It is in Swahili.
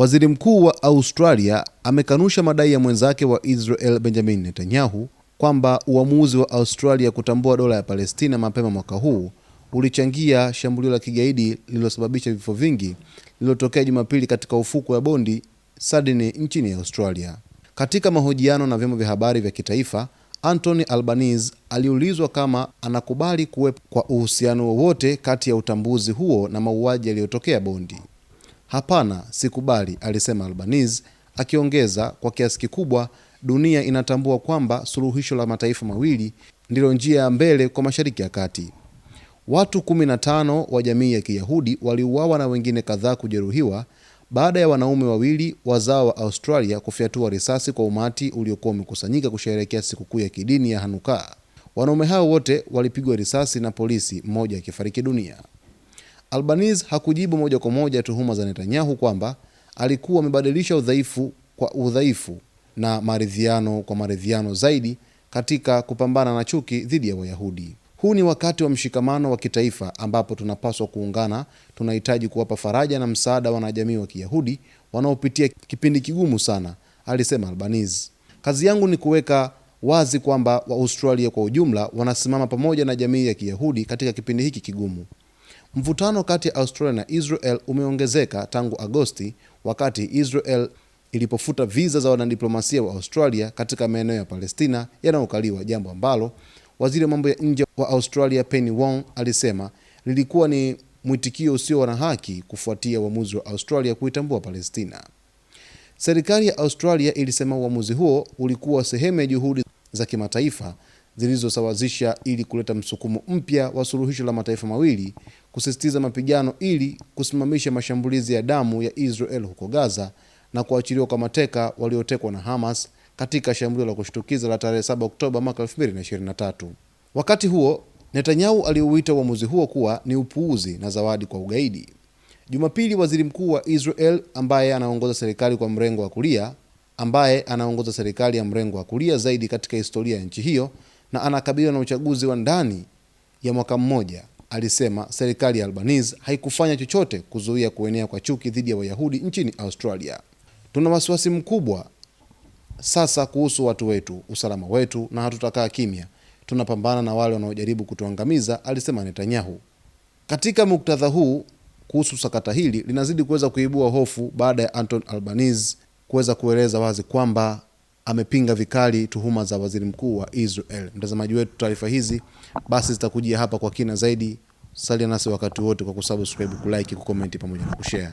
Waziri Mkuu wa Australia amekanusha madai ya mwenzake wa Israel Benjamin Netanyahu kwamba uamuzi wa Australia kutambua dola ya Palestina mapema mwaka huu ulichangia shambulio la kigaidi lililosababisha vifo vingi lililotokea Jumapili katika ufukwe wa Bondi, Sydney nchini Australia. Katika mahojiano na vyombo vya habari vya kitaifa, Anthony Albanese aliulizwa kama anakubali kuwepo kwa uhusiano wowote kati ya utambuzi huo na mauaji yaliyotokea Bondi. Hapana, sikubali, alisema Albanese, akiongeza, kwa kiasi kikubwa dunia inatambua kwamba suluhisho la mataifa mawili ndilo njia ya mbele kwa Mashariki ya Kati. Watu kumi na tano wa jamii ya Kiyahudi waliuawa na wengine kadhaa kujeruhiwa baada ya wanaume wawili wazao wa Australia kufyatua risasi kwa umati uliokuwa umekusanyika kusherehekea sikukuu ya kidini ya hanukaa Wanaume hao wote walipigwa risasi na polisi, mmoja akifariki dunia. Albanese hakujibu moja kwa moja tuhuma za Netanyahu kwamba alikuwa amebadilisha udhaifu kwa udhaifu na maridhiano kwa maridhiano zaidi katika kupambana na chuki dhidi ya Wayahudi. Huu ni wakati wa mshikamano wa kitaifa ambapo tunapaswa kuungana. Tunahitaji kuwapa faraja na msaada wanajamii wa Kiyahudi wanaopitia kipindi kigumu sana, alisema Albanese. Kazi yangu ni kuweka wazi kwamba Waaustralia kwa ujumla wanasimama pamoja na jamii ya Kiyahudi katika kipindi hiki kigumu. Mvutano kati ya Australia na Israel umeongezeka tangu Agosti wakati Israel ilipofuta viza za wanadiplomasia wa Australia katika maeneo ya Palestina yanayokaliwa, jambo ambalo waziri wa mambo ya nje wa Australia Penny Wong alisema lilikuwa ni mwitikio usio wa haki kufuatia uamuzi wa Australia kuitambua Palestina. Serikali ya Australia ilisema uamuzi huo ulikuwa sehemu ya juhudi za kimataifa zilizosawazisha ili kuleta msukumo mpya wa suluhisho la mataifa mawili, kusisitiza mapigano ili kusimamisha mashambulizi ya damu ya Israel huko Gaza na kuachiliwa kwa mateka waliotekwa na Hamas katika shambulio la kushtukiza la tarehe 7 Oktoba mwaka 2023. Wakati huo, Netanyahu aliuita uamuzi huo kuwa ni upuuzi na zawadi kwa ugaidi. Jumapili, waziri mkuu wa Israel ambaye anaongoza serikali kwa mrengo wa kulia ambaye anaongoza serikali ya mrengo wa kulia zaidi katika historia ya nchi hiyo na anakabiliwa na uchaguzi wa ndani ya mwaka mmoja, alisema serikali ya Albanese haikufanya chochote kuzuia kuenea kwa chuki dhidi ya Wayahudi nchini Australia. Tuna wasiwasi mkubwa sasa kuhusu watu wetu, usalama wetu, na hatutakaa kimya. Tunapambana na wale wanaojaribu kutuangamiza, alisema Netanyahu. Katika muktadha huu kuhusu sakata hili linazidi kuweza kuibua hofu baada ya Anton Albanese kuweza kueleza wazi kwamba amepinga vikali tuhuma za waziri mkuu wa Israel. Mtazamaji wetu, taarifa hizi basi zitakujia hapa kwa kina zaidi. Salia nasi wakati wote kwa kusubscribe, kulike, kukomenti pamoja na kushare.